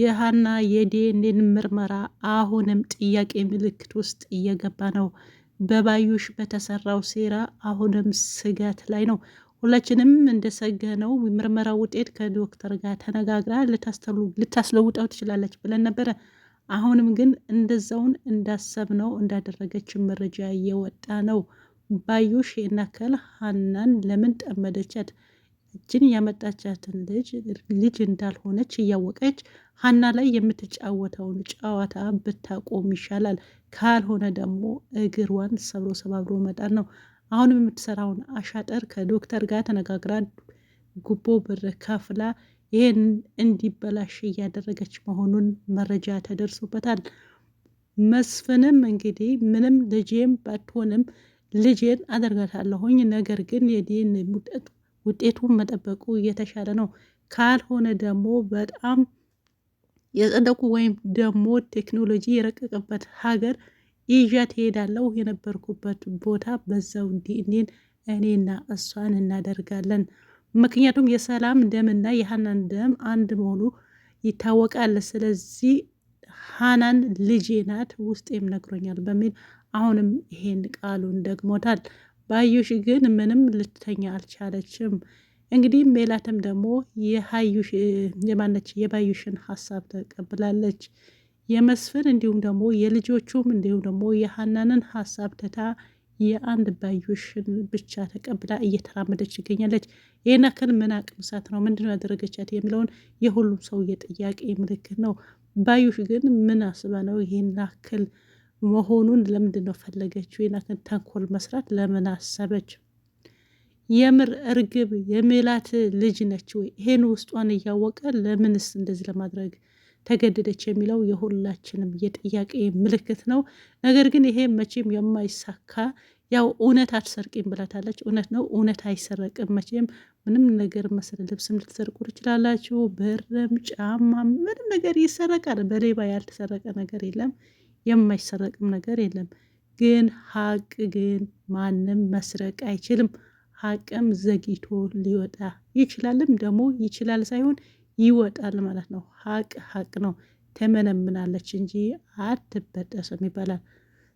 የሀና የዲኤንኤን ምርመራ አሁንም ጥያቄ ምልክት ውስጥ እየገባ ነው። በባዩሽ በተሰራው ሴራ አሁንም ስጋት ላይ ነው። ሁላችንም እንደሰገነው ምርመራ ውጤት ከዶክተር ጋር ተነጋግራ ልታስለውጠው ትችላለች ብለን ነበረ። አሁንም ግን እንደዛውን እንዳሰብነው እንዳደረገች መረጃ እየወጣ ነው። ባዩሽ የናከል ሀናን ለምን ጠመደቻት? እችን ያመጣቻትን ልጅ ልጅ እንዳልሆነች እያወቀች ሀና ላይ የምትጫወተውን ጨዋታ ብታቆም ይሻላል። ካልሆነ ደግሞ እግሯን ሰብሮ ሰባብሮ መጣል ነው። አሁንም የምትሰራውን አሻጠር ከዶክተር ጋር ተነጋግራ ጉቦ ብር ከፍላ ይህን እንዲበላሽ እያደረገች መሆኑን መረጃ ተደርሶበታል። መስፍንም እንግዲህ ምንም ልጄም ባትሆንም ልጄን አደርጋታለሁኝ ነገር ግን የዲን ሙጠት ውጤቱን መጠበቁ የተሻለ ነው። ካልሆነ ደግሞ በጣም የጸደቁ ወይም ደግሞ ቴክኖሎጂ የረቀቀበት ሀገር ይዣ ትሄዳለው የነበርኩበት ቦታ በዛው እንዲኔን እኔና እሷን እናደርጋለን። ምክንያቱም የሰላም ደምና የሀናን ደም አንድ መሆኑ ይታወቃል። ስለዚህ ሀናን ልጄ ናት ውስጤም ነግሮኛል በሚል አሁንም ይሄን ቃሉን ደግሞታል። ባዩሽ ግን ምንም ልትተኛ አልቻለችም። እንግዲህ ሜላትም ደግሞ የሀዩሽ የማነች የባዩሽን ሀሳብ ተቀብላለች። የመስፍን እንዲሁም ደግሞ የልጆቹም እንዲሁም ደግሞ የሀናንን ሀሳብ ትታ የአንድ ባዩሽን ብቻ ተቀብላ እየተራመደች ይገኛለች። ይህን ያክል ምን አቅም ሳት ነው ምንድነው ያደረገቻት የሚለውን የሁሉም ሰው የጥያቄ ምልክት ነው። ባዩሽ ግን ምን አስባ ነው ይህን ያክል መሆኑን ለምንድን ነው ፈለገችው? የናትን ተንኮል መስራት ለምን አሰበች? የምር እርግብ የሜላት ልጅ ነች ወይ? ይሄን ውስጧን እያወቀ ለምንስ እንደዚህ ለማድረግ ተገደደች የሚለው የሁላችንም የጥያቄ ምልክት ነው። ነገር ግን ይሄ መቼም የማይሳካ ያው እውነት አትሰርቂም ብላታለች። እውነት ነው፣ እውነት አይሰረቅም መቼም። ምንም ነገር መሰለ ልብስም ልትሰርቁ ትችላላችሁ፣ ብርም፣ ጫማ፣ ምንም ነገር ይሰረቃል። በሌባ ያልተሰረቀ ነገር የለም። የማይሰረቅም ነገር የለም። ግን ሀቅ ግን ማንም መስረቅ አይችልም። ሀቅም ዘግይቶ ሊወጣ ይችላልም ደግሞ ይችላል ሳይሆን ይወጣል ማለት ነው። ሀቅ ሀቅ ነው። ተመነምናለች እንጂ አትበጠስም ይባላል።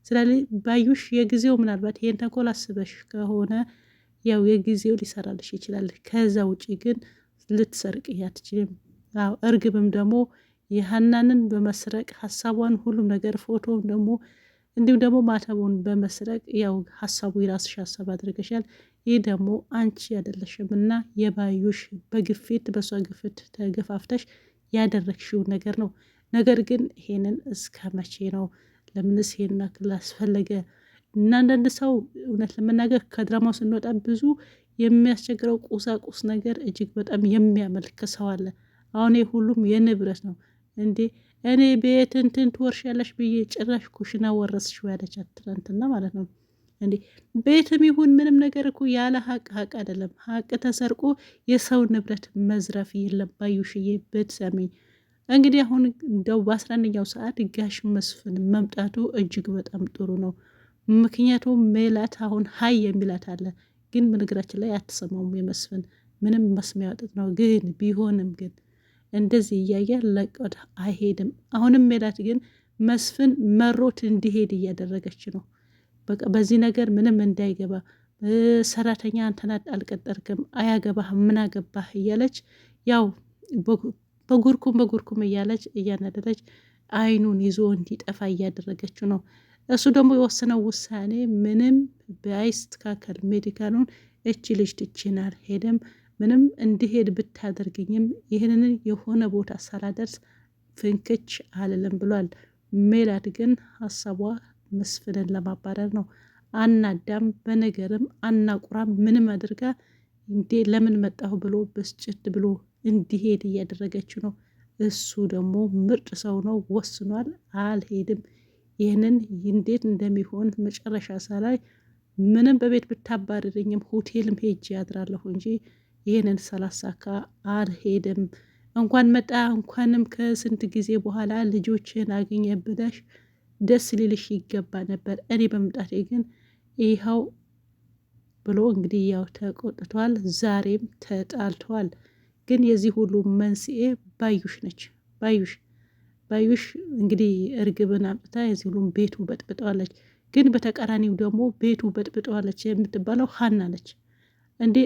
ስለዚህ ባዩሽ የጊዜው ምናልባት ይሄን ተንኮል አስበሽ ከሆነ ያው የጊዜው ሊሰራልሽ ይችላል። ከዛ ውጪ ግን ልትሰርቅ አትችልም። እርግብም ደግሞ የሀናንን በመስረቅ ሀሳቧን ሁሉም ነገር ፎቶውን ደግሞ እንዲሁም ደግሞ ማተቡን በመስረቅ ያው ሀሳቡ የራስሽ ሀሳብ አድርገሻል። ይህ ደግሞ አንቺ ያደለሽም እና የባዩሽ በግፊት በሷ ግፊት ተገፋፍተሽ ያደረግሽው ነገር ነው። ነገር ግን ይሄንን እስከ መቼ ነው? ለምንስ ይሄንን አክል አስፈለገ? እና አንዳንድ ሰው እውነት ለመናገር ከድራማው ስንወጣ ብዙ የሚያስቸግረው ቁሳቁስ ነገር እጅግ በጣም የሚያመልክ ሰው አለ። አሁን ይህ ሁሉም የንብረት ነው። እንዴ እኔ ቤት እንትን ትወርሻለሽ ብዬ ጭራሽ ኩሽና ወረስሽ ያለች ትናንትና ማለት ነው። እንዴ ቤትም ይሁን ምንም ነገር እኮ ያለ ሀቅ ሀቅ አይደለም። ሀቅ ተሰርቆ የሰው ንብረት መዝረፍ የለም። ባዩሽዬ ብትሰሚኝ እንግዲህ አሁን እንደው በአስራ አንደኛው ሰዓት ጋሽ መስፍን መምጣቱ እጅግ በጣም ጥሩ ነው። ምክንያቱም ሜላት አሁን ሀይ የሚላት አለ፣ ግን በነገራችን ላይ አትሰማውም። የመስፍን ምንም መስሚያ ወጥት ነው ግን ቢሆንም ግን እንደዚህ እያየ ለቀድ አይሄድም። አሁንም ሜላት ግን መስፍን መሮት እንዲሄድ እያደረገች ነው። በቃ በዚህ ነገር ምንም እንዳይገባ ሰራተኛ አንተና አልቀጠርክም፣ አያገባህ፣ ምን አገባህ እያለች ያው በጉርኩም በጉርኩም እያለች እያናደረች አይኑን ይዞ እንዲጠፋ እያደረገችው ነው። እሱ ደግሞ የወሰነው ውሳኔ ምንም በአይስትካከል ሜዲካሉን እች ልጅ ትችናል ሄደም ምንም እንድሄድ ብታደርግኝም ይህንን የሆነ ቦታ ሳላደርስ ፍንክች አልልም ብሏል። ሜላት ግን ሀሳቧ መስፍንን ለማባረር ነው። አናዳም በነገርም አናቁራም ምንም አድርጋ እንዴ ለምን መጣሁ ብሎ ብስጭት ብሎ እንዲሄድ እያደረገችው ነው። እሱ ደግሞ ምርጥ ሰው ነው፣ ወስኗል። አልሄድም ይህንን እንዴት እንደሚሆን መጨረሻ ሳላይ ምንም በቤት ብታባረረኝም ሆቴልም ሄጄ ያድራለሁ እንጂ ይህንን ሳላሳካ አልሄድም። እንኳን መጣ እንኳንም ከስንት ጊዜ በኋላ ልጆችን አገኘ ብለሽ ደስ ሊልሽ ይገባ ነበር። እኔ በመምጣቴ ግን ይኸው ብሎ እንግዲህ ያው ተቆጥቷል። ዛሬም ተጣልተዋል። ግን የዚህ ሁሉ መንስኤ ባዩሽ ነች። ባዩሽ ባዩሽ እንግዲህ እርግብን አምጥታ የዚህ ሁሉም ቤቱ በጥብጠዋለች። ግን በተቃራኒው ደግሞ ቤቱ በጥብጠዋለች የምትባለው ሀና ነች። እንዴ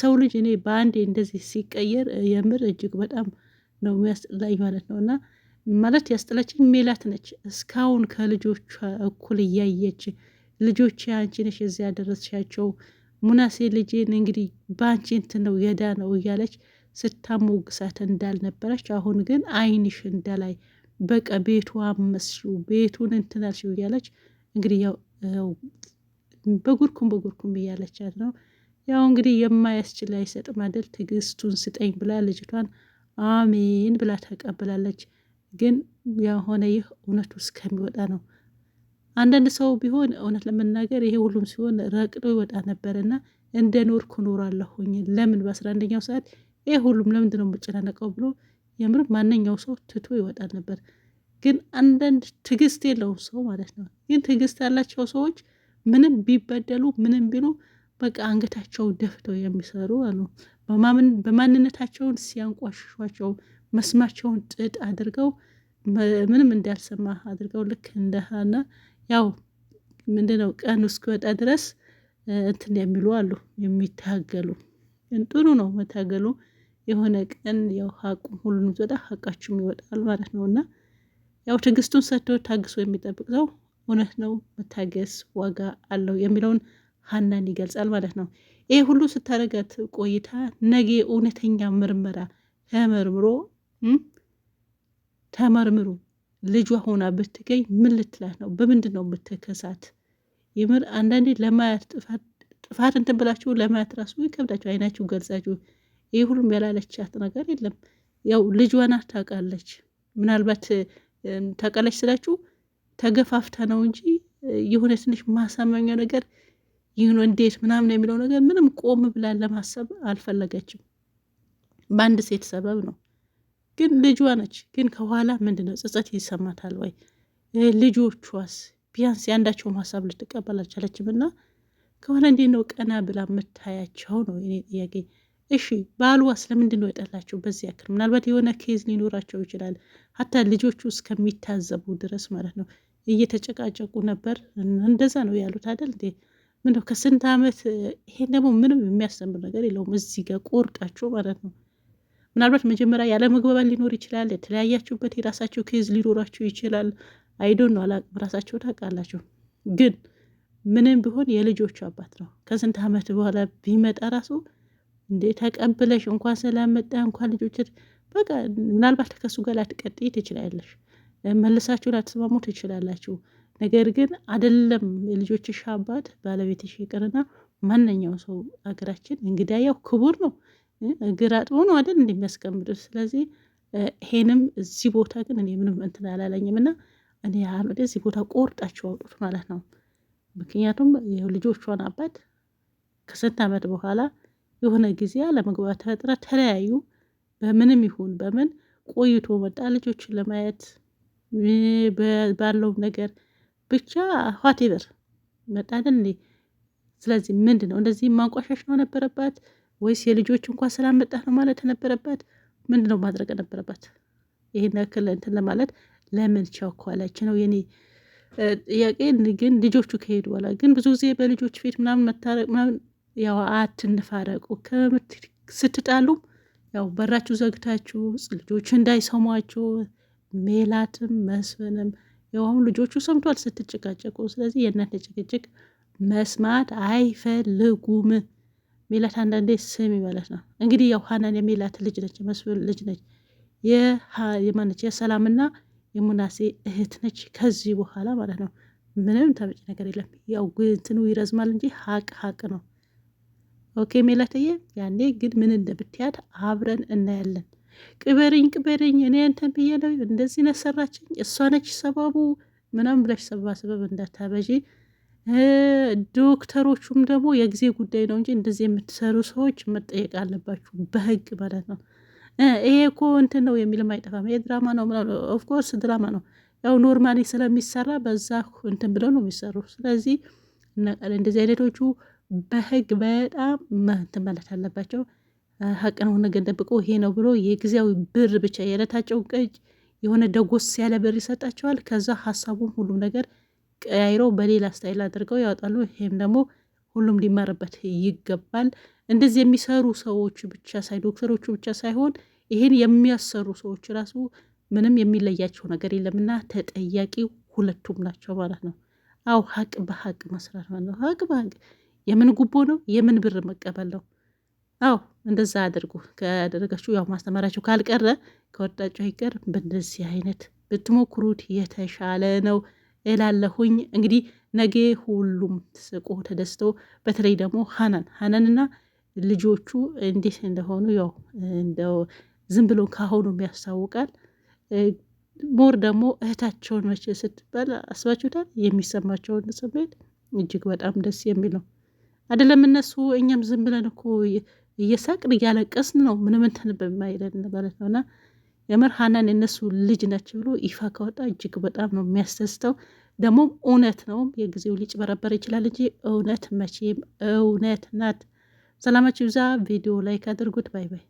ሰው ልጅ እኔ በአንዴ እንደዚህ ሲቀየር የምር እጅግ በጣም ነው የሚያስጠላኝ ማለት ነው። እና ማለት ያስጠላችኝ ሜላት ነች። እስካሁን ከልጆቿ እኩል እያየች ልጆች አንቺ ነሽ እዚያ ያደረስሻቸው ሙናሴ ልጄን እንግዲህ በአንቺ እንትን ነው የዳ ነው እያለች ስታሞግሳት እንዳልነበረች፣ አሁን ግን አይንሽ እንደላይ በቃ ቤቱ አመስሽው ቤቱን እንትናልሽው እያለች እንግዲህ ያው በጉርኩም በጉርኩም እያለቻት ነው ያው እንግዲህ የማያስችል አይሰጥም አይደል? ትዕግስቱን ስጠኝ ብላ ልጅቷን አሜን ብላ ተቀብላለች። ግን የሆነ ይህ እውነቱ እስከሚወጣ ነው። አንዳንድ ሰው ቢሆን እውነት ለመናገር ይሄ ሁሉም ሲሆን ረቅዶ ይወጣ ነበር እና እንደ ኖርኩ እኖራለሁኝ ለምን በአስራ አንደኛው ሰዓት ይሄ ሁሉም ለምንድን ነው የምጨናነቀው ብሎ የምር ማንኛው ሰው ትቶ ይወጣ ነበር። ግን አንዳንድ ትዕግስት የለውም ሰው ማለት ነው። ግን ትዕግስት ያላቸው ሰዎች ምንም ቢበደሉ ምንም ቢሉ በቃ አንገታቸው ደፍተው የሚሰሩ አሉ። በማንነታቸውን ሲያንቋሽሿቸው መስማቸውን ጥጥ አድርገው ምንም እንዳልሰማ አድርገው ልክ እንደሃና ያው ምንድነው ቀን እስኪወጣ ድረስ እንትን የሚሉ አሉ የሚታገሉ ጥሩ ነው መታገሉ። የሆነ ቀን ያው ሀቁ ሁሉንም ሲወጣ ሀቃችሁም ይወጣል ማለት ነው እና ያው ትዕግስቱን ሰጥቶ ታግሶ የሚጠብቅ ሰው እውነት ነው መታገስ ዋጋ አለው የሚለውን ሀናን ይገልጻል ማለት ነው። ይህ ሁሉ ስታረጋት ቆይታ ነገ እውነተኛ ምርመራ ተመርምሮ ተመርምሮ ልጇ ሆና ብትገኝ ምን ልትላት ነው? በምንድን ነው ብትከሳት? የምር አንዳንዴ ለማያት ጥፋት እንትን ብላችሁ ለማያት ራሱ ይከብዳችሁ፣ አይናችሁ ገልጻችሁ። ይህ ሁሉም ያላለቻት ነገር የለም። ያው ልጇና ታውቃለች። ምናልባት ታውቃለች ስላችሁ ተገፋፍታ ነው እንጂ የሆነ ትንሽ ማሳመኛ ነገር ይህን እንዴት ምናምን የሚለው ነገር ምንም ቆም ብላን ለማሰብ አልፈለገችም። በአንድ ሴት ሰበብ ነው። ግን ልጇ ነች። ግን ከኋላ ምንድን ነው ጸጸት ይሰማታል ወይ? ልጆቿስ ቢያንስ ያንዳቸው ሀሳብ ልትቀበል አልቻለችም። እና ከሆነ እንዴት ነው ቀና ብላ የምታያቸው ነው የእኔ ጥያቄ። እሺ ባልዋስ ስለምንድን ነው የጠላቸው በዚህ ያክል? ምናልባት የሆነ ኬዝ ሊኖራቸው ይችላል። ሀታ ልጆቹ እስከሚታዘቡ ድረስ ማለት ነው እየተጨቃጨቁ ነበር። እንደዛ ነው ያሉት አይደል እንዴ? ምነው ከስንት ዓመት ይሄን ደግሞ ምንም የሚያስተምር ነገር የለውም። እዚህ ጋር ቆርጣችሁ ማለት ነው። ምናልባት መጀመሪያ ያለ ሊኖር ይችላል። የተለያያችሁበት የራሳቸው ኬዝ ሊኖራችሁ ይችላል። አይዶን ነው አላቅም፣ ራሳቸው ታውቃላችሁ። ግን ምንም ቢሆን የልጆቹ አባት ነው። ከስንት ዓመት በኋላ ቢመጣ ራሱ እንዴ ተቀብለሽ እንኳን ሰላም እንኳን ልጆች በቃ ምናልባት ከሱ ጋር ላትቀጥይ ትችላለሽ። መልሳችሁ ላትስማሙ ትችላላችሁ። ነገር ግን አደለም የልጆችሽ አባት ባለቤትሽ ይቅርና ማንኛው ሰው አገራችን እንግዳ ያው ክቡር ነው። እግር አጥቦ ነው አደል እንደሚያስቀምጡት። ስለዚህ ይሄንም እዚህ ቦታ ግን እኔ ምንም እንትን አላለኝም እና እኔ እዚህ ቦታ ቆርጣቸው አውጡት ማለት ነው። ምክንያቱም ልጆቿን አባት ከስንት ዓመት በኋላ የሆነ ጊዜ አለመግባት ፈጥራ ተለያዩ። በምንም ይሁን በምን ቆይቶ መጣ ልጆችን ለማየት ባለው ነገር ብቻ ኋቴቨር መጣልን እንዴ? ስለዚህ ምንድን ነው እንደዚህ ማንቋሻሽ ነው ነበረባት ወይስ የልጆች እንኳን ስላመጣህ ነው ማለት ነበረባት? ምንድን ነው ማድረግ ነበረባት? ይሄን ያክል እንትን ለማለት ለምን ቸኮለች ነው የኔ ጥያቄ። ግን ልጆቹ ከሄዱ በኋላ ግን ብዙ ጊዜ በልጆች ፊት ምናምን መታረቅ ምናምን ያው አትንፋረቁ ስትጣሉም ያው በራችሁ ዘግታችሁ ልጆቹ እንዳይሰሟችሁ ሜላትም መስፍንም ይኸውም ልጆቹ ሰምቷል ስትጨቃጨቁ። ስለዚህ የእናንተ ጭቅጭቅ መስማት አይፈልጉም። ሚላት አንዳንዴ ስም ይበለት ነው እንግዲህ ያው ሀናን የሚላት ልጅ ነች፣ የመስፍን ልጅ ነች፣ የማነች የሰላምና የሙናሴ እህት ነች። ከዚህ በኋላ ማለት ነው ምንም ተመጭ ነገር የለም። ያው ይረዝማል እንጂ ሀቅ ሀቅ ነው። ኦኬ ሜላትዬ፣ ያኔ ግን ምን እንደምትያት አብረን እናያለን። ቅበረኝ ቅበረኝ እኔ አንተን ብዬ ነው እንደዚህ ነው ሰራችኝ፣ እሷ ነች ሰባቡ ምናምን ብለሽ ሰበብ እንዳታበዢ። ዶክተሮቹም ደግሞ የጊዜ ጉዳይ ነው እንጂ እንደዚህ የምትሰሩ ሰዎች መጠየቅ አለባችሁ በህግ ማለት ነው። ይሄ እኮ እንትን ነው የሚልም አይጠፋም። ይሄ ድራማ ነው ምናምን፣ ኦፍኮርስ ድራማ ነው። ያው ኖርማሊ ስለሚሰራ በዛ እንትን ብለው ነው የሚሰሩ። ስለዚህ እንደዚህ አይነቶቹ በህግ በጣም እንትን ማለት አለባቸው። ሀቅ ነው ነገር ደብቆ ይሄ ነው ብሎ የጊዜያዊ ብር ብቻ የዕለታቸውን ቀጅ የሆነ ደጎስ ያለ ብር ይሰጣቸዋል። ከዛ ሀሳቡም ሁሉም ነገር ቀያይሮ በሌላ ስታይል አድርገው ያወጣሉ። ይሄም ደግሞ ሁሉም ሊማርበት ይገባል። እንደዚህ የሚሰሩ ሰዎች ብቻ ሳይ ዶክተሮቹ ብቻ ሳይሆን ይሄን የሚያሰሩ ሰዎች ራሱ ምንም የሚለያቸው ነገር የለምና ተጠያቂ ሁለቱም ናቸው ማለት ነው። አው ሀቅ በሀቅ መስራት ማለት ነው። ሀቅ በሀቅ የምን ጉቦ ነው የምን ብር መቀበል ነው። አዎ እንደዛ አድርጉ። ከደረጋችሁ ያው ማስተማራችሁ ካልቀረ ከወዳችሁ አይቀር በእንደዚህ አይነት ብትሞክሩት የተሻለ ነው እላለሁኝ። እንግዲህ ነገ ሁሉም ስቆ ተደስቶ፣ በተለይ ደግሞ ሀናን ሀናንና ልጆቹ እንዴት እንደሆኑ ያው እንደው ዝም ብሎ ካሁኑም ያስታውቃል። ሞር ደግሞ እህታቸውን መቼ ስትባል አስባችሁታል? የሚሰማቸውን ስሜት እጅግ በጣም ደስ የሚል ነው አይደለም? እነሱ እኛም ዝም ብለን እኮ እየሳቅን እያለቀስን ነው ምንም እንትን በማይለን ማለት ነውና የምር ሀናን የእነሱ ልጅ ነች ብሎ ይፋ ከወጣ እጅግ በጣም ነው የሚያስደስተው። ደግሞ እውነት ነው የጊዜው ሊጭበረበር ይችላል እንጂ እውነት መቼም እውነት ናት። ሰላማችሁ ይብዛ። ቪዲዮ ላይክ አድርጉት። ባይ ባይ።